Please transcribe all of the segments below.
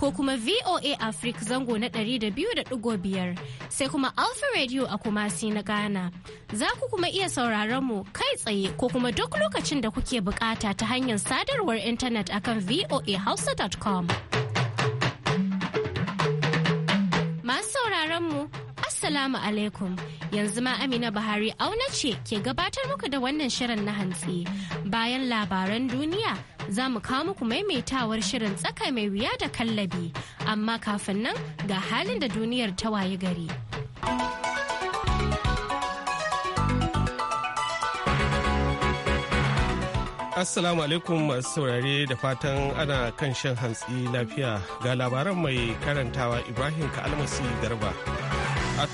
ko kuma VOA Africa zango na 200.5 sai kuma Alpha Radio a Kumasi na Ghana. Za ku kuma iya sauraron mu kai tsaye ko kuma duk lokacin da kuke bukata ta hanyar sadarwar intanet akan voahausa.com. Masu sauraron Assalamu alaikum yanzu ma Amina Buhari auna ce ke gabatar muku da wannan shirin na hantsi bayan labaran duniya za mu kawo muku maimaitawar shirin tsaka mai wuya da kallabi amma kafin nan ga halin da duniyar ta waye gari. Assalamu alaikum masu saurare da fatan ana kan shan hantsi lafiya ga labaran mai karantawa Ibrahim Ka'almasi Garba.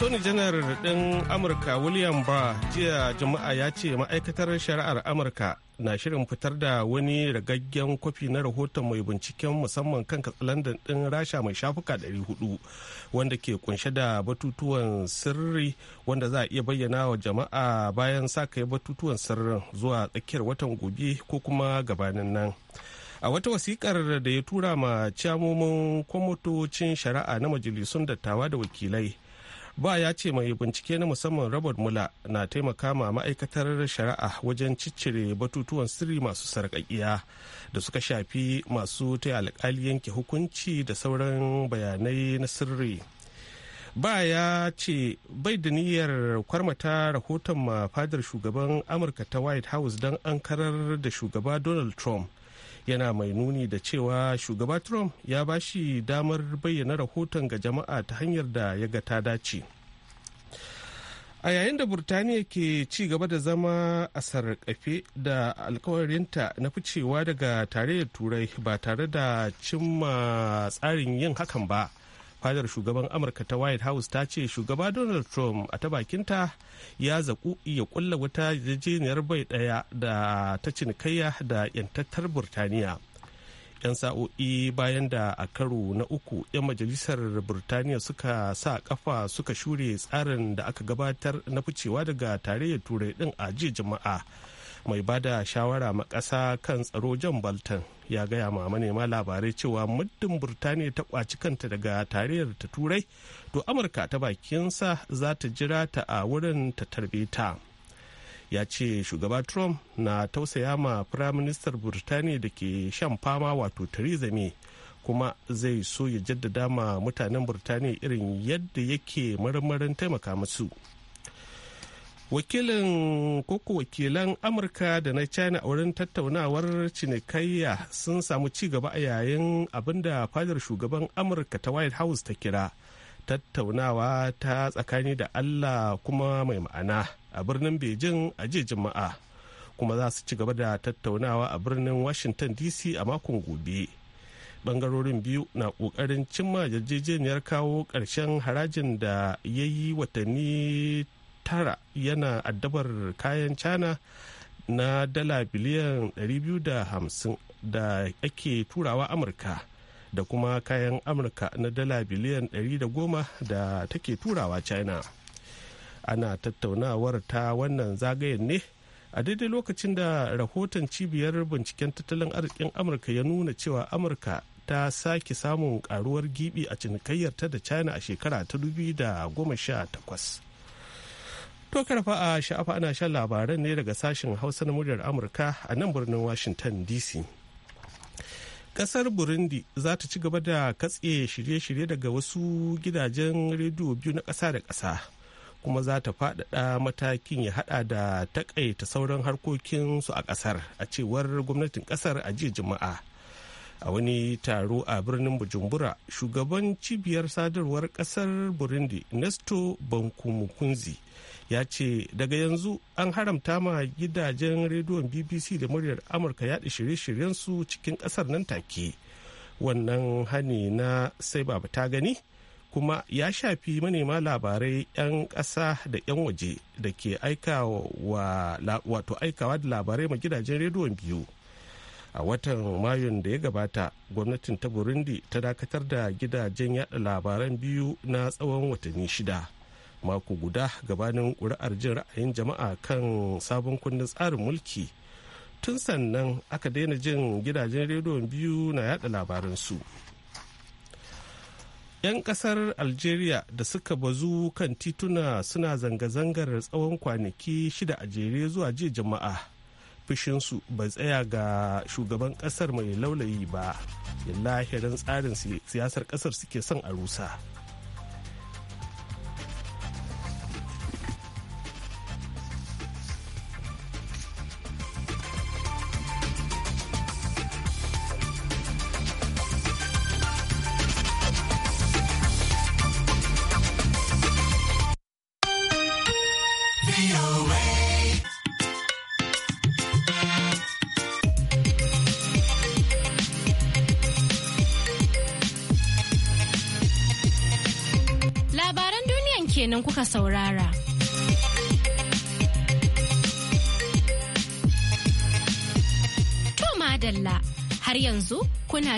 toni janar ɗin Amurka William Barr jiya Juma'a ya ce ma'aikatar shari'ar Amurka na shirin fitar da wani ragaggen kwafi na rahoton mai binciken musamman kan katsalandan ɗin rasha mai shafuka 400 wanda ke kunshe da batutuwan sirri wanda za a iya bayyana wa jama'a bayan sa kai batutuwan sirrin zuwa tsakiyar watan gobe ko kuma gabanin nan a wata wasikar da ya tura ma ciyamomin kwamitocin shari'a na majalisun dattawa da wakilai ba ya ce mai bincike na musamman robert mula na taimaka ma ma'aikatar shari'a wajen ciccire batutuwan sirri masu sarƙaƙiya da suka shafi masu ta alƙali yanke hukunci da sauran bayanai na sirri ba ya ce bai da niyyar kwarmata rahoton ma fadar shugaban amurka ta white house don an karar da shugaba donald trump yana mai nuni da cewa shugaba trump ya ba shi damar bayyana rahoton ga jama'a ta hanyar da ya ga ta dace a yayin da burtaniya ke ci gaba da zama a sarƙafe da alkawarinta na ficewa daga tarayyar turai ba tare da cimma tsarin yin hakan ba fadar shugaban amurka ta white house ta ce shugaba donald trump a ta bakinta ya zaku ya kulla wata yarjejeniyar bai daya da ta cinikayya da yantattar burtaniya 'yan sa'o'i bayan da a karo na uku 'yan majalisar burtaniya suka sa kafa suka shure tsarin da aka gabatar na ficewa daga tarayyar turai din a jiya jama'a mai bada da shawara makasa kan tsaro jan bolton ya gaya ma manema labarai cewa muddin burtaniya ta kwaci kanta daga tarayyar ta turai to amurka ta bakinsa za ta jira ta a wurin ta tarbe ta ya ce shugaba trump na tausaya ma firaministar burtaniya da ke shan fama wato theresa may kuma zai so ya jaddada ma mutanen burtaniya irin yadda yake marmarin taimaka musu wakilin koko wakilan amurka da na china a wurin tattaunawar cinikayya sun samu ci gaba a yayin abinda fadar shugaban amurka ta white house ta kira tattaunawa ta tsakani da allah kuma mai ma'ana a birnin beijing a jiya juma'a kuma za su ci gaba da tattaunawa a birnin washington dc a makon gobe bangarorin biyu na kokarin cimma yarjejeniyar kawo karshen harajin da ya yi watanni tara yana addabar kayan china na dala biliyan 250 da ake turawa amurka da kuma kayan amurka na dala biliyan 110 da take turawa china ana tattaunawar ta wannan zagayen ne a daidai lokacin da rahoton cibiyar binciken tattalin arzikin amurka ya nuna cewa amurka ta sake samun karuwar gibi a cinikayyar ta da china a shekara ta takwas. To karfa a sha'afa ana shan labaran ne daga sashen Hausa na muryar Amurka a nan birnin Washington DC. Kasar Burundi za ta ci gaba da katse shirye-shirye daga wasu gidajen rediyo biyu na kasa da kasa. kuma za ta faɗaɗa matakin ya haɗa da taƙaita sauran harkokin su a ƙasar a cewar gwamnatin ƙasar a jiya juma'a a wani taro a birnin bujumbura shugaban cibiyar sadarwar ƙasar burundi nesto bankumukunzi ya ce daga yanzu an haramta ma gidajen rediyon bbc da muryar amurka yaɗa shirye-shiryensu cikin ƙasar nan take wannan hani na sai baba ta gani kuma ya shafi manema labarai 'yan ƙasa da 'yan waje da ke aikawa da labarai ma gidajen rediyon biyu a watan mayun da ya gabata gwamnatin ta burundi ta dakatar da gidajen yada labaran biyu na tsawon watanni shida mako guda gabanin ƙuri'ar jin ra'ayin jama'a kan sabon kundin tsarin mulki tun sannan aka daina jin gidajen rediyon biyu na yada labaransu. su 'Yan kasar Algeria da suka bazu kan tituna suna zanga-zangar tsawon kwanaki shida a jere zuwa jiya jama'a. Fushinsu bai tsaya ga shugaban kasar mai laulayi ba, lahirin tsarin siyasar kasar suke son a rusa.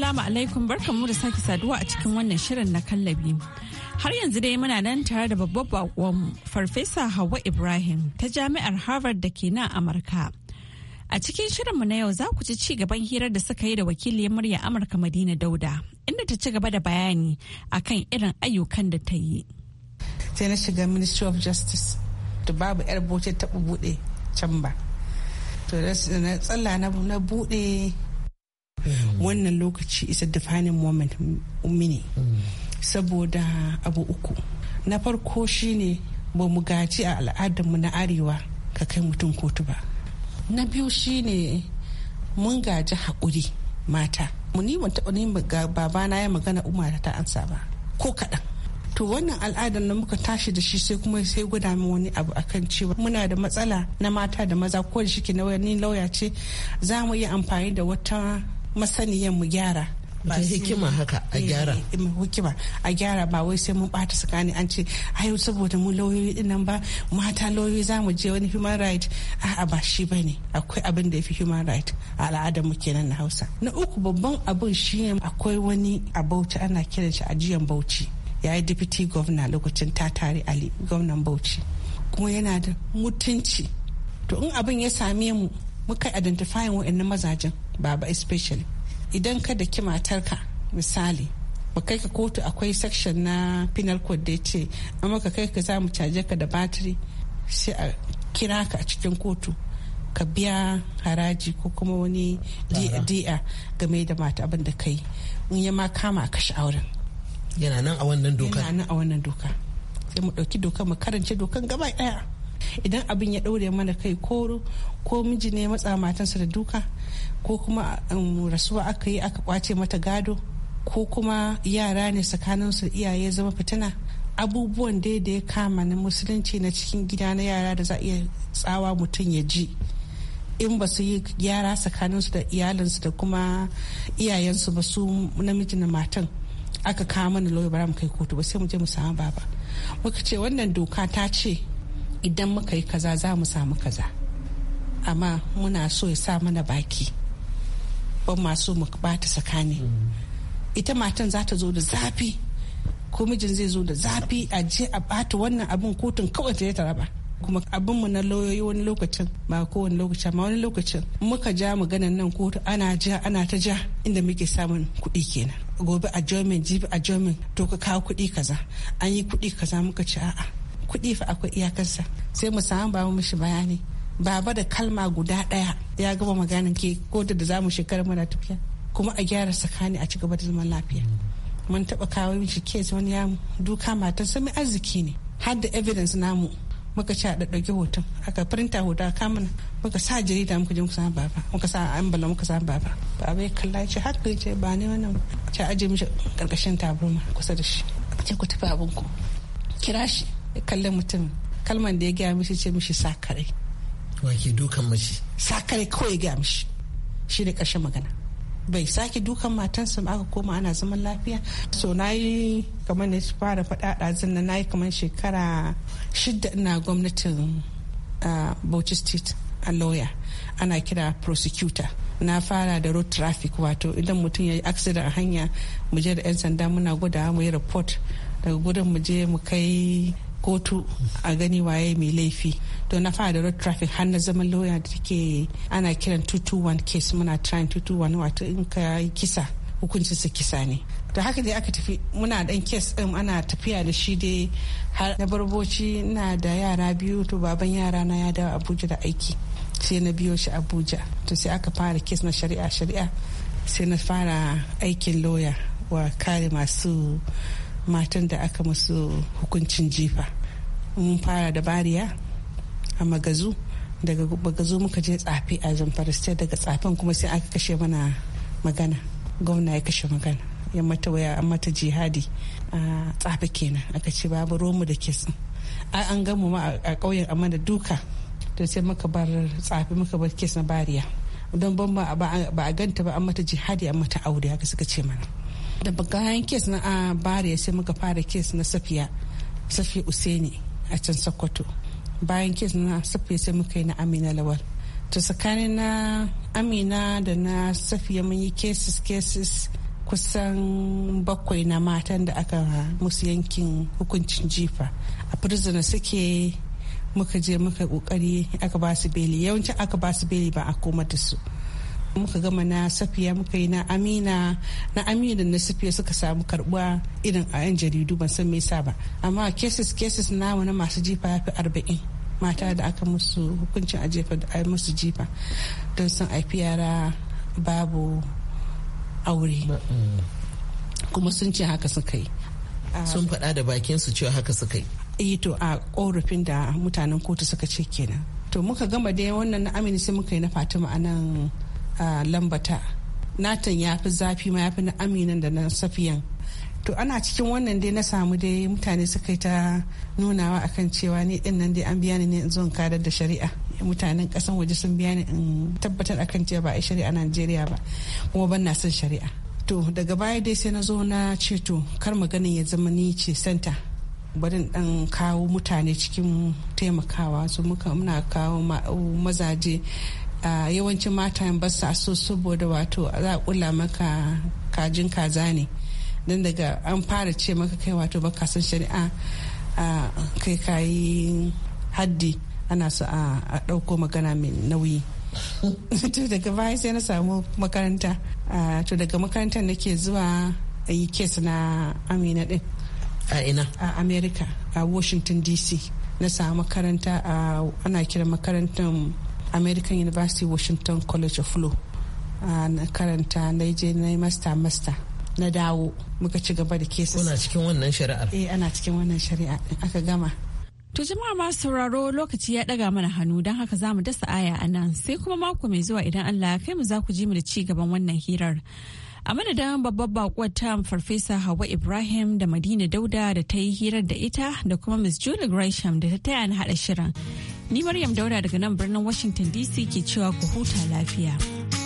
Assalamu alaikum barkanmu da sake saduwa a cikin wannan shirin na kallabi. Har yanzu dai muna nan tare da babbar bakon Farfesa Hauwa Ibrahim ta Jami'ar Harvard da ke nan Amurka. A cikin shirinmu na yau za ku ci ci gaban hirar da suka yi da wakiliyar murya Amurka Madina Dauda inda ta ci gaba da bayani akan irin ayyukan da ta yi. Sai na shiga Ministry of Justice da babu 'yar bote taɓa buɗe can ba. To na tsalla na buɗe wannan lokaci is a defining moment mini saboda abu uku na farko shine ba mu gaji a al'adarmu na arewa ka kai mutum kotu ba na biyu shine mun gaji haƙuri mata mu ni wata taɓa babana ya magana umara ta ansa ba ko kaɗan to wannan al'adar da muka tashi da shi sai kuma sai gwada mu wani abu akan cewa muna da matsala na mata da maza ko da ke na lauya ce za mu iya amfani da wata masaniyan mu gyara ba hikima haka a gyara eh, eh, hikima a gyara ba wai sai mun bata tsakani an ce ayo saboda mu lauyoyi din nan ba mata lauyoyi za mu je wani human right a ba shi bane akwai abin da yafi human right a al'adar mu kenan na Hausa na uku babban abin ne akwai wani a Bauchi ana kiran shi ajiyan Bauchi ya yi deputy governor lokacin Tatari Ali gwamnan Bauchi kuma yana da mutunci to in abin ya same mu muka identifying wa'annan mazajen baba especially idan ka da ki matarka misali ba kai ka kotu akwai section na penal code da ce amma ka kai ka za mu caje ka da battery sai a kira ka a cikin kotu ka biya haraji ko kuma wani dr game da mata abin da kai in ya ma kama ka auren yana nan a wannan doka yana nan a wannan doka sai mu ɗauki doka mu karance dokan gaba ɗaya idan abin ya ɗaure mana kai ko ko miji ne matsa matansa da duka ko kuma um, rasuwa aka yi aka kwace mata gado ko kuma yara ne tsakaninsu iyaye zama fitina abubuwan dai da ya kama na musulunci na cikin gida na yara da za a iya tsawa mutum ya ji in ba su yi yara tsakaninsu da iyalinsu da kuma iyayensu ba su namiji na matan aka kawo mana lauyi bara mu kai kotu ba sai mu je mu samu baba muka ce wannan doka ta ce idan muka yi kaza za mu samu kaza amma muna so ya sa mana baki ban masu mu bata sakani ita matan za ta zo da zafi ko mijin zai zo da zafi a je a bata wannan abin kotun kawai ta ta raba kuma abin mu na lauyoyi wani lokacin ba kowane lokaci ma wani lokacin muka ja ganin nan kotu ana ja ana ta ja inda muke samun kuɗi kenan gobe a jomin jibi a jomin to ka kawo kuɗi kaza an yi kuɗi kaza muka ci a'a kuɗi fa akwai iyakarsa sai mu samu ba mishi bayani baba da kalma guda ɗaya ya gama maganin ke ko da da zamu shekarar muna tafiya kuma a gyara tsakanin a ci gaba da zaman lafiya mun taɓa kawo mishi kes wani ya duka matar sami arziki ne har da evidence namu muka ci a ɗaɗɗauki hoton aka printa hoton a kamuna muka sa jarida muka je muka sa baba muka sa ambala muka sa baba baba ya kalla ce haka ya ce ba ne wannan ce aje mishi ƙarƙashin tabarma kusa da shi ce ku tafi abinku kira shi kallon mutum kalman da ya gaya mishi ce mishi sakare wake dukan mashi sakare kawai gaya mishi shi da ƙarshen magana bai sake dukan matansa ba aka koma ana zaman lafiya so na yi kamar ne su fara faɗa ɗazin na yi kamar shekara shida ina gwamnatin ah, bauchi state a lawyer ana kira prosecutor na fara da road traffic wato idan mutum ya yi accident a hanya mu je da 'yan sanda muna gwada mu yi report daga gudun mu je mu kai kotu a gani waye mai laifi to na fara da road traffic har na zaman lawyer da take ana kiran 221 case muna trying 221 wato in ka kisa hukuncin su kisa ne to haka dai aka tafi muna dan kes din ana tafiya da shi dai har na barboci na da yara biyu to baban yara na ya dawo abuja da aiki sai na biyo shi abuja to sai aka fara kes na shari'a shari'a sai na fara aikin lawyer wa kare masu matan da aka masu hukuncin jifa mun fara da bariya a magazu daga magazu muka je tsafi a zamfara state daga tsafin kuma sai aka kashe mana magana gwamna ya kashe magana ya mata waya an mata jihadi a tsafi kenan aka ce babu romu da sun an gamu ma a ƙauyen amma da duka da sai muka bar tsafi muka bar kes na bariya don ban ba a ganta ba an mata jihadi an mata aure haka suka ce mana da bagayen kes na a ah, bare sai muka fara kes na safiya safiya useni a can sokoto bayan kes na safiya sai muka yi na amina lawal to tsakanin na amina da na safiya mun yi cases cases kusan bakwai na matan da aka musu yankin hukuncin jifa a prisoner suke muka je muka kokari aka ba su beli yawanci aka ba su beli ba a komar da su muka gama na safiya muka yi na amina na amina na safiya suka samu karbuwa irin a yan jaridu ban san me yasa ba amma cases cases na wani masu jifa ya fi arba'in mata da aka musu hukuncin a jefa da ai musu jifa don sun haifi yara babu aure mm. kuma sun ce haka suka yi sun faɗa da bakin su cewa haka suka yi yi eh to a korafin da mutanen kotu suka ce kenan to muka gama dai wannan na amina sai muka yi na fatima a nan a lambata natan ya fi zafi ma ya fi na aminan da na safiyan to ana cikin wannan dai na samu dai mutane suka ta nunawa akan cewa ni din nan dai an biya ni ne in zo da shari'a mutanen kasan waje sun biya ni in tabbatar akan cewa ba a shari'a Najeriya ba kuma ban na son shari'a to daga baya dai sai na zo na ce to kar maganin ya zama ni ce santa barin dan kawo mutane cikin taimakawa su muka muna kawo mazaje a yawancin mata ba a so saboda wato za kula maka kajin kaza ne don daga an fara ce maka kai wato baka san shari'a kai kayi haddi ana so a ɗauko magana mai nauyi to daga baya sai na samu makaranta to daga makarantar nake zuwa a yi kes na amina din a ina a america a washington dc na samu makaranta ana kiran makarantar american university washington college of law ah, na karanta na je na yi master master na dawo muka ci gaba da kesa kuna cikin wannan shari'ar eh ana cikin wannan shari'a aka gama To jama'a masu sauraro lokaci ya daga mana hannu don haka za mu dasa aya a nan sai kuma mako mai zuwa idan Allah ya kai mu za ku ji mu da ci gaban wannan hirar. A madadin babbar bakuwar ta Farfesa Hawa Ibrahim da Madina Dauda da ta yi hirar da ita da kuma Miss Julie Gresham da ta taya na haɗa shirin. Ni Maryam Dauda daga nan birnin Washington DC ke cewa ku huta lafiya.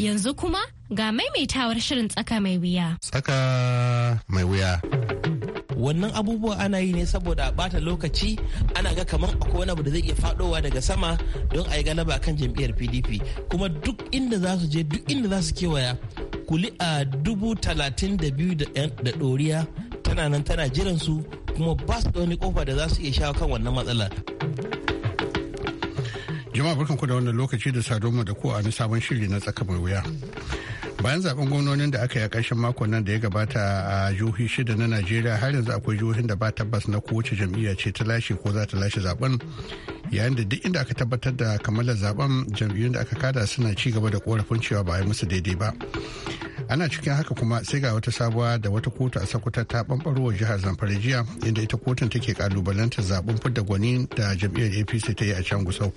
Yanzu kuma ga maimaitawar shirin tsaka mai wuya. Tsaka mai wuya. wannan abubuwa ana yi ne saboda a bata lokaci ana ga kamar akwai wani abu da zai iya fadowa daga sama don a yi galaba kan jam'iyyar pdp kuma duk inda za su je duk inda za su kewaya kuli a dubu talatin da biyu da ɗoriya tana nan tana jiran su kuma ba su da wani kofa da za su iya shawo kan wannan matsalar. Jama'a barkanku da wannan lokaci da sadoma da ku a wani sabon shiri na tsaka mai wuya. Bayan zaben gwamnonin da aka yi a ƙarshen makon nan da ya gabata a jihohi shida na Najeriya har yanzu akwai jihohin da ba tabbas na kowace jam'iyya ce ta lashe ko za ta lashe zaben yayin da duk inda aka tabbatar da kammalar zaben jam'iyyun da aka kada suna ci gaba da korafin cewa ba a yi musu daidai ba. ana cikin haka kuma sai ga wata sabuwa da wata kotu a sakuta ta bambaro wa jihar zamfara jiya inda ita kotun take kalubalantar zaben fidda gwani da jam'iyyar apc ta yi a can gusau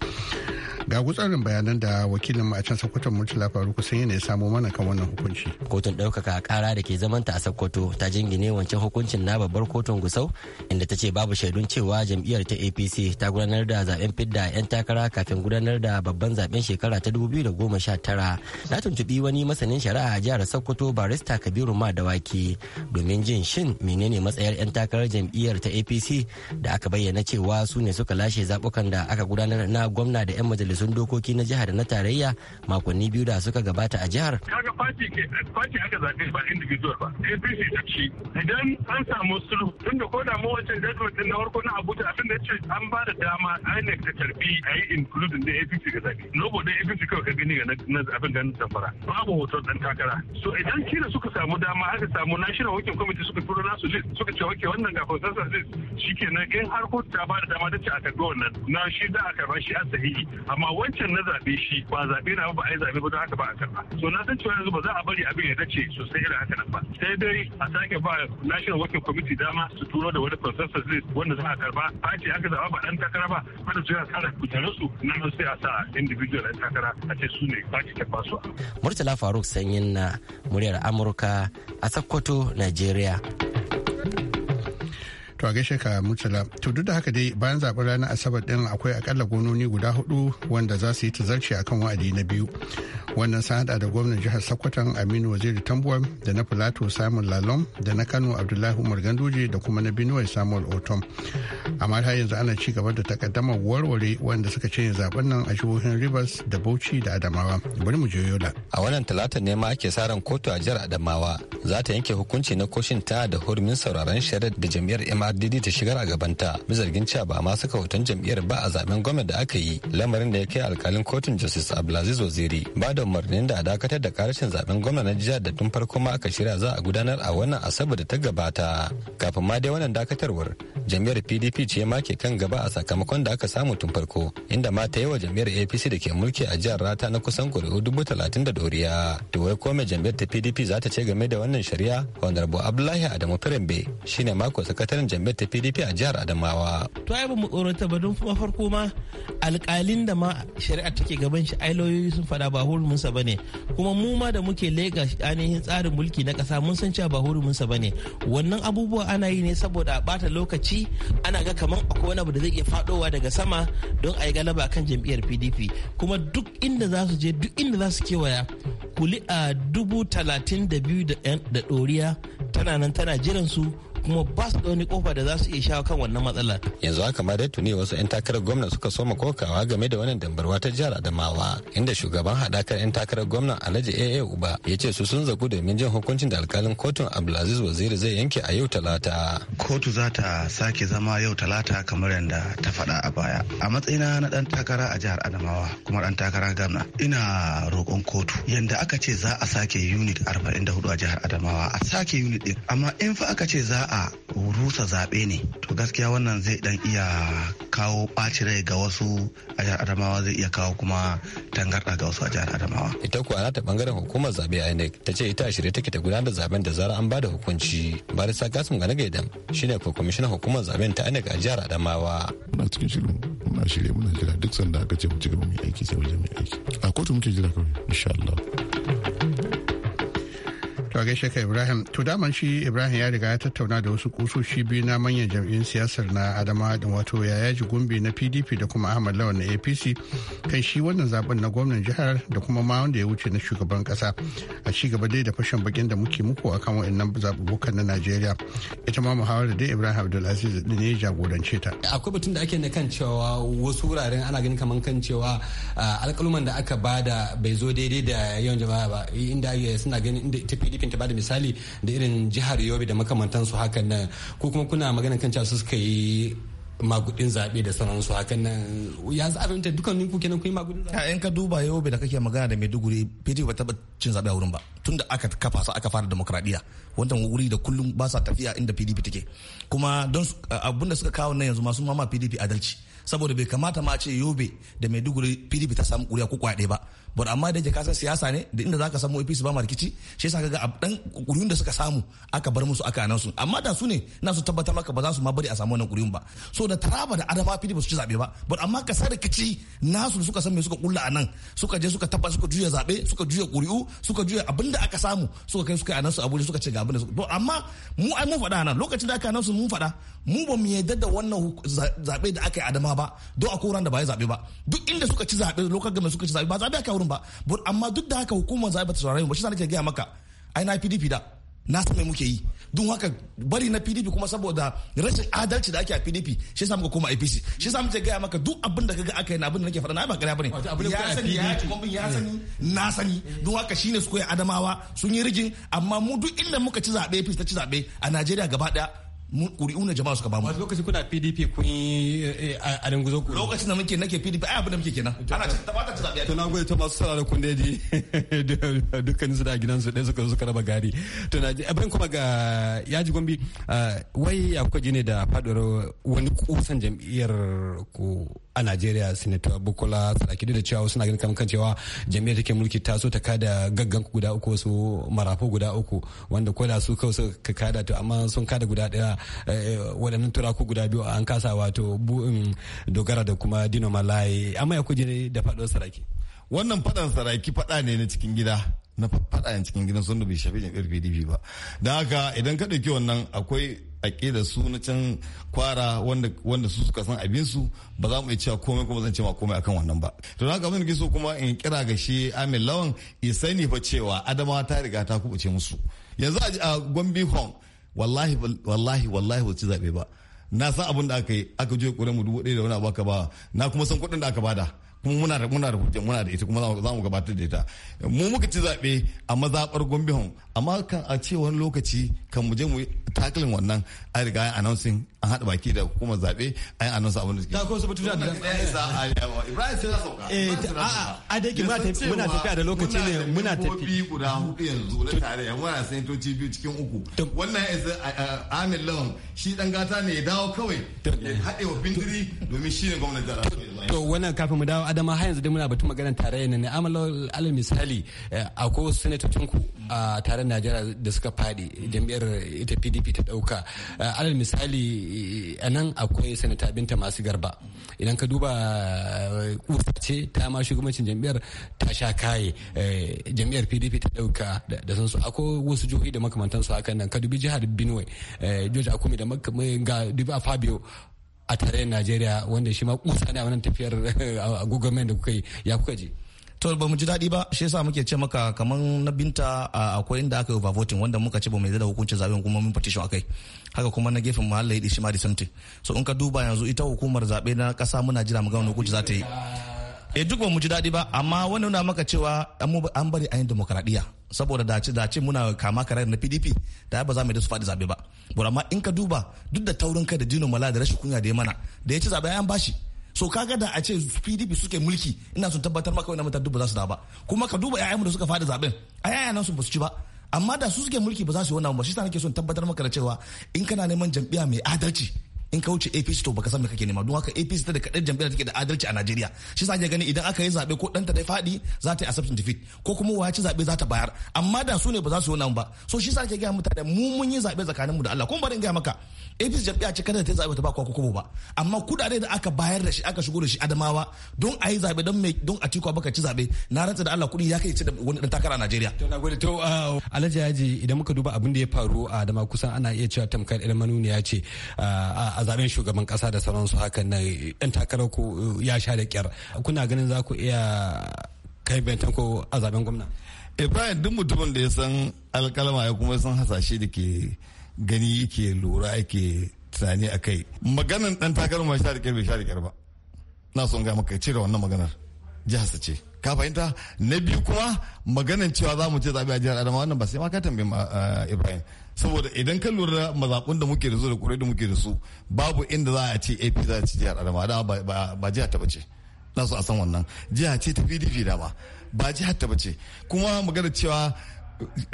ga gutsarin bayanan da wakilin a can sokoton murtala faru kusan yana ya samo mana kan wannan hukunci kotun ɗaukaka kara da ke zamanta a sokoto ta jingine wancan hukuncin na babbar kotun gusau inda ta ce babu shaidun cewa jam'iyyar ta apc ta gudanar da zaben fidda 'yan takara kafin gudanar da babban zaben shekara ta goma sha tara na tuntubi wani masanin shari'a a jihar sokoto barista kabiru ma dawaki domin jin shin menene matsayar 'yan takarar jam'iyyar ta apc da aka bayyana cewa su ne suka lashe zabukan da aka gudanar na gwamna da 'yan majalisar majalisun dokoki na jihar da na tarayya makonni biyu da suka gabata a jihar. Kaga fati ke fati aka zaɓe ba individual ba APC ta ci idan an samu sulhu tunda ko da mu wancan judgment din na farko na Abuja abin da ce an ba da dama INEC ta tarbi a yi including da APC ga zaɓe. Logo da APC kawai ka gani ga na abin ganin samfara babu hoton ɗan takara. So idan kila suka samu dama aka samu National Working Committee suka turo nasu list suka ce wake wannan ga consensus list shikenan in har kotu ta ba da dama ta ce a karɓi wannan na shi za a karɓa shi a sahihi amma amma wancan na zaɓe shi ba zaɓe na ba a yi zaɓe ba don haka ba a karɓa so na san cewa yanzu ba za a bari abin ya dace sosai irin haka nan ba sai dai a sake ba national working committee dama su turo da wani consensus list wanda za a karɓa party aka zaɓa ba ɗan takara ba wanda su ya tsara kujerun su na sai a sa individual ɗan takara a ce su ne party ta basu. Murtala Faruk Sanyin na muryar Amurka a Sokoto, Najeriya. to a gaishe ka mutala to duk da haka dai bayan zaɓen ranar asabar din akwai akalla gononi guda hudu wanda za su yi ta tazarci akan wa'adi na biyu wannan sun hada da gwamnan jihar sokoton aminu waziri tambuwa da na filato samun lalom da na kano abdullahi umar gandoje da kuma na binuwa samuel otom amma har yanzu ana ci gaba da takaddamar warware wanda suka ce zaɓen nan a jihohin rivers da bauchi da adamawa bari mu je yola a wannan talata ne ma ake sa ran kotu a jihar adamawa za ta yanke hukunci na koshin ta da hurumin sauraron shari'ar da jami'ar addini ta shigar a gabanta bi zargin cewa ba ma saka hoton jam'iyyar ba a zaben gwamnati da aka yi lamarin da ya kai alkalin kotun justice abdulaziz waziri ba da umarnin da a dakatar da karashin zaben gwamnati na jihar da tun farko ma aka shirya za a gudanar a wannan asabar da ta gabata kafin ma dai wannan dakatarwar jam'iyyar pdp ce ma ke kan gaba a sakamakon da aka samu tun farko inda ma ta yi wa jam'iyyar apc da ke mulki a jihar rata na kusan kuri'u dubu talatin da doriya to wai ko mai jam'iyyar ta pdp za ta ce game da wannan shari'a honorable abdullahi adamu firimbe shine mako sakataren jam'iyyar jami'ar ta pdp a jihar adamawa to ai ba mu tsoronta ba don kuma farko ma alkalin da ma shari'a take gaban shi ailoyoyi sun fada ba hurumunsa ba ne kuma mu ma da muke lega ainihin tsarin mulki na ƙasa mun san cewa ba hurumunsa ba ne wannan abubuwa ana yi ne saboda a bata lokaci ana ga kamar akwai wani abu da zai iya faɗowa daga sama don a yi galaba kan jam'iyyar pdp kuma duk inda za su je duk inda za su kewaya kuli a dubu talatin da biyu da ɗoriya tana nan tana jiran su kuma ba su da wani kofa da za su iya shawo kan wannan matsalar. Yanzu haka ma dai tuni wasu 'yan takarar gwamna suka soma kokawa game da wannan dambarwa ta jihar Adamawa inda shugaban haɗakar 'yan takarar gwamna Alhaji AA Uba ya ce su sun zagu domin jin hukuncin da alkalin kotun Abdulaziz Waziri zai yanke a yau talata. Kotu za ta sake zama yau talata kamar yadda ta faɗa a baya. A matsayina na ɗan takara a jihar Adamawa kuma ɗan takara gwamna ina roƙon kotu yadda aka ce za a sake unit 44 a jihar Adamawa a sake unit ɗin amma in fa aka ce za a a rusa zaɓe ne to gaskiya wannan zai dan iya kawo ɓaci rai ga wasu a jihar adamawa zai iya kawo kuma tangarɗa ga wasu a jihar adamawa ita kuwa ta bangaren hukumar zaɓe inec ta ce ita a shirye take ta gudanar da zaben da zarar an bada hukunci barista kasim gane idan shine ko kwamishinan hukumar zaben ta inec a jihar adamawa muna cikin shirin muna shirye muna jira duk sanda aka ce mu ci gaba mu aiki sai mu je mu aiki a kotu muke jira kawai insha Allah To gaishe ka Ibrahim, to daman shi Ibrahim ya riga ya tattauna da wasu kusoshi biyu na manyan jam'iyyun siyasar na Adama din wato ya yaji gumbi na PDP da kuma Ahmad Lawan na APC kan shi wannan zaben na gwamnan jihar da kuma ma wanda ya wuce na shugaban kasa a ci gaba dai da fashin bakin da muke muku akan wa'annan zabubukan na Najeriya. Ita ma muhawara dai Ibrahim Abdulaziz din ne ya jagorance ta. Akwai batun da ake na kan cewa wasu wuraren ana ganin kaman kan cewa ah, alƙaluman da aka bada bai zo daidai da yawan jama'a ba inda suna ganin inda ita PDP kan ta bada misali da irin jihar Yobe da makamantansu hakan nan ko kuma kuna magana kan cewa su suka yi magudin zaɓe da sauransu hakan nan ya zaɓe ta dukkan ninku kenan kun yi magudin zaɓe. in ka duba yobe da kake magana da maiduguri pdp ba taɓa cin zaɓe a wurin ba tun da aka kafa su aka fara demokradiyya wannan wuri da kullum ba sa tafiya inda pdp take kuma don abunda da suka kawo nan yanzu masu mama pdp adalci saboda bai kamata ma ce yobe da maiduguri pdp ta samu kuriya ko kwaya ba but amma da jaka san siyasa ne da inda zaka samu APC ba ma rikici shi yasa kaga dan kuriyun da suka samu aka bar musu aka nan su amma da su ne na su tabbatar maka ba za su ma bari a samu wannan kuriyun ba so da taraba da adama pdp ba su ci zabe ba but amma ka kasa rikici nasu suka san me suka kulla a nan suka je suka tabbata suka juya zabe suka juya kuriyu suka juya abinda aka samu suka kai suka su abuja suka ce ga abinda to amma mu ai mun faɗa nan lokacin da aka su mun faɗa mu ba mu yarda da wannan zabe da aka yi adama ba don a koran da ba ya zabe ba duk inda suka ci zabe lokacin da suka ci zabe ba zabe aka gurin ba amma duk da haka hukumar zaɓe ba ta saurare mu ba shi nake gaya maka ai na PDP da na san me muke yi don haka bari na pdp kuma saboda rashin adalci da ake a pdp shi sa muka koma apc shi sa muke gaya maka duk abin da kaga aka yi na abin da nake faɗa na ba ƙarya bane ya sani ya ci kuma ya sani na sani don haka shine su koyi adamawa sun yi rigin amma mu duk inda muka ci zaɓe apc ta ci zaɓe a najeriya gaba ɗaya ƙuri'un da jama'a suka bamu wasu lokacin kuna pdp kun yi eh, eh, a danguzo ku lokacin da muke nake pdp ai abinda da muke kenan ana cikin tabata ta zaɓe to na gode ta masu sarara kun daji dukkan su da su ɗaya suka suka raba gari to na ji abin kuma ga yaji gombi ah, wai ya kuka ji ne da faɗuwar wani kusan jam'iyyar ku a Najeriya Senator Bukola Saraki da cewa suna ganin kamar cewa jami'ar take mulki ta so ta kada gaggan guda uku su marafu guda uku wanda ko da su kawai suka kada to amma sun kada guda daya eh, waɗannan turaku guda biyu an kasa wato bu'in um, dogara da kuma Dino Malaye amma ya kuje da faɗo Saraki. Wannan faɗan Saraki faɗa ne na cikin gida. na faɗa cikin gidan sun da bai shafi jam'iyyar pdp ba da haka idan ka ɗauki wannan akwai aƙida su na can kwara wanda su suka san su ba za mu iya cewa komai kuma zan ce ma komai akan wannan ba to haka abin da so kuma in kira ga shi amin lawan ya sani fa cewa adama ta riga ta kubuce musu yanzu a gombe hong wallahi wallahi wallahi ba ci zaɓe ba na san abin da aka yi aka je ƙuren mu dubu ɗaya da wani abu aka ba na kuma san kuɗin da aka bada kuma muna da muna da ita kuma za mu gabatar da ita mu muka ci zaɓe a mazaɓar gombe hon amma kan a ce wani lokaci kan mu je mu taklin wannan a riga announcing an haɗa baki da hukumar zaɓe an yi annonsa abin da suke. Ta ko su da Ibrahim sai na sauka. A da yake muna tafiya da lokaci ne muna tafi. Muna guda hudu yanzu na tare yan wani sanatoci biyu cikin uku. Wannan yanzu uh, uh, Amin Lawan shi dan gata ne ya dawo kawai ya haɗe wa bindiri domin shi ne gwamnati da To wannan kafin mu dawo Adama har yanzu dai muna batun maganar tarayya ne. Amin Lawan alal misali eh, akwai wasu sanatocin ku a taron Najeriya da suka faɗi jam'iyyar ita PDP ta ɗauka. Eh, alal misali a nan akwai sanata binta masu garba idan ka duba kurta eh, ce ta ma shugabancin jam'iyyar ta sha kaye eh, jam'iyyar pdp ta dauka da sansu akwai wasu jihohi da su hakan nan ka dubi jihar benue eh, george akumi da ga dubi a fabio a tare najeriya wanda shi ma kusa ne a wannan tafiyar a da kuka yi ya kuka je to ba mu ji daɗi ba shi yasa muke ce maka kaman na binta akwai inda aka yi overvoting wanda muka ce ba mu da hukuncin zaben kuma mun petition akai haka kuma na gefen muhalli da shi ma da samti so in ka duba yanzu ita hukumar zaɓe na ƙasa muna jira mu ga hukunci za ta yi e duk ba mu ji daɗi ba amma wani na maka cewa an bari ayin demokaradiyya saboda dace dace muna kama karar na pdp da ba za mu da su faɗi zaɓe ba amma in ka duba duk da taurin kai da dino mala da rashin kunya da ya mana da ya ci zaɓe an bashi so kaga da a ce pdp suke mulki ina sun tabbatar maka wani mutane ba za su da ba kuma ka duba ƴaƴanmu da suka fada zaben a ƴaƴan su ba su ci ba amma da su suke mulki ba za su yi wannan ba shi sa nake son tabbatar maka da cewa in kana neman jam'iyya mai adalci in ka wuce APC to baka san me kake nema don haka APC ta da kadar jam'iyyar take da adalci a Najeriya shi sa gani idan aka yi zabe ko danta ta fadi za ta yi accepting defeat ko kuma wace zabe za ta bayar amma da su ne ba za su yi wannan ba so shi sa ke ga mutane mu mun yi zabe tsakanin mu da Allah ko bari in ga maka APC jam'iyya ce kada ta zabe ta ba kwa kuma ba amma kudade da aka bayar da shi aka shigo da shi Adamawa don a yi zabe don me don a Atiku baka ci zabe na rantsa da Allah kudi ya kai ci da wani dan takara a Najeriya to nagode to uh, Alhaji Haji idan muka duba abin da ya faru a Adama kusan ana iya cewa tamkar ya ce uh, a a shugaban kasa da sauransu hakan na yan takarar ku eh, ya sha da kyar kuna ganin za ku iya kai bentan ko a zaben gwamna ibrahim eh, duk mutumin da ya san alkalama ya kuma san hasashe da ke gani yake lura yake tunani a kai maganin dan takarma sha da kyar bai sha da kyar ba na son ga maka cire wannan maganar jihar ce ka fahimta na biyu kuma maganan cewa za mu ce zaɓe a jihar adamawa wannan ba sai ma ka tambayi eh, ibrahim saboda idan ka lura mazaɓun da muke da su da kure da muke da su babu inda za a ce ap za a ci jihar adamawa da ba jihar ta bace na su a san wannan jiha ce ta pdp dama ba jihar ta bace kuma magana cewa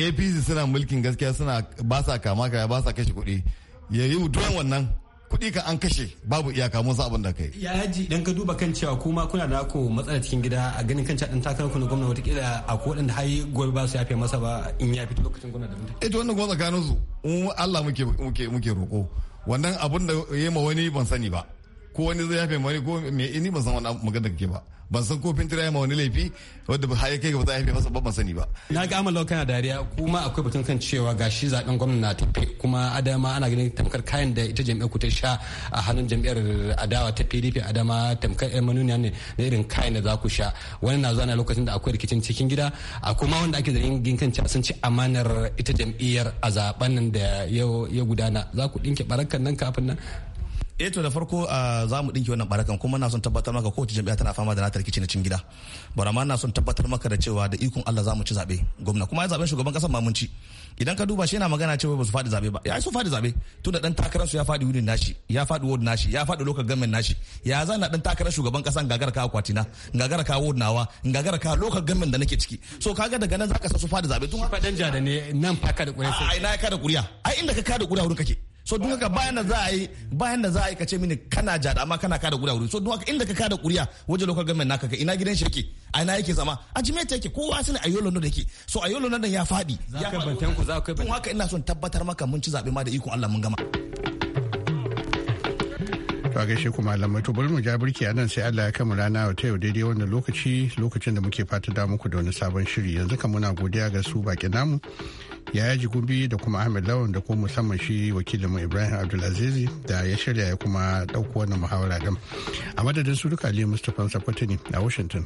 apc suna mulkin gaskiya suna ba sa kama kaya ba sa kashe kuɗi ya yi wannan kuɗi ka an kashe babu iyaka mun abin da kai ya yaji dan ka duba kan cewa kuma kuna da ko matsalar cikin gida a ganin kan cadin takarar ku na gwamnati watakila a ko da har gobe ba su yafe masa ba in ya fito lokacin gwamnati. da mutum eh to wannan gwamna tsakanin su Allah muke muke muke roko wannan abin da yema ma wani ban sani ba ko wani zai yafe ma ko me ni ban san wannan magana da kake ba ban san kofin tira ya wani laifi wadda ba ya kai ga ba za a ban sani ba na ga amalau kana dariya kuma akwai batun kan cewa ga gashi zaben gwamnati na tafe kuma adama ana ganin tamkar kayan da ita jam'iyyar ku ta sha a hannun jam'iyyar adawa ta PDP adama tamkar yan manuniya ne na irin kayan da za ku sha wani na zana lokacin da akwai rikicin cikin gida a kuma wanda ake zargin ginkan sun ci amanar ita jam'iyyar a zaben nan da ya gudana za ku dinke barakan nan kafin nan Eto eh, da farko ah, za mu dinki wannan barakan kuma na son tabbatar maka kowace jami'a tana fama da natar rikici na cin gida bara ma na son tabbatar maka da cewa da ikon Allah za mu ci zabe gwamna kuma ya zaben shugaban kasar ma mun ci idan ka duba shi yana magana cewa ba su fadi zabe ba ya su fadi zabe tun da dan takarar su ya fadi wudin nashi ya fadi ward nashi ya fadi local government nashi ya zana dan takarar shugaban kasan gagara ka akwatina gagara ka ward nawa gagara ka local government da nake ciki so kaga daga nan zaka sa su fadi zabe tun fadan jada ne nan fa ka da kuriya ai na ka da kuriya ai inda ka ka da kuriya wurin kake so don haka bayan da za a yi bayan da za a yi kace mini kana jada amma kana kada guda wuri so don haka inda ka kada kuriya wajen local government naka ka ina gidan shi yake a ina yake zama a ta yake kowa sani a yolo da yake so a yolo nan ya faɗi ya faɗi don haka ina son tabbatar maka mun ci zaɓe ma da ikon Allah mun gama. To gaishe ku malamai to bari mu ja birki a nan sai Allah ya kama rana ta yau daidai wannan lokaci lokacin da muke fata da muku da wani sabon shiri yanzu kan muna godiya ga su baki namu yaya jigumbi da kuma Ahmed Lawan da kuma musamman shi wakilin mu Ibrahim Abdulaziz da ya shirya ya kuma dauko wannan muhawara din. A madadin su duka Ali Mustapha Sakwatani a Washington.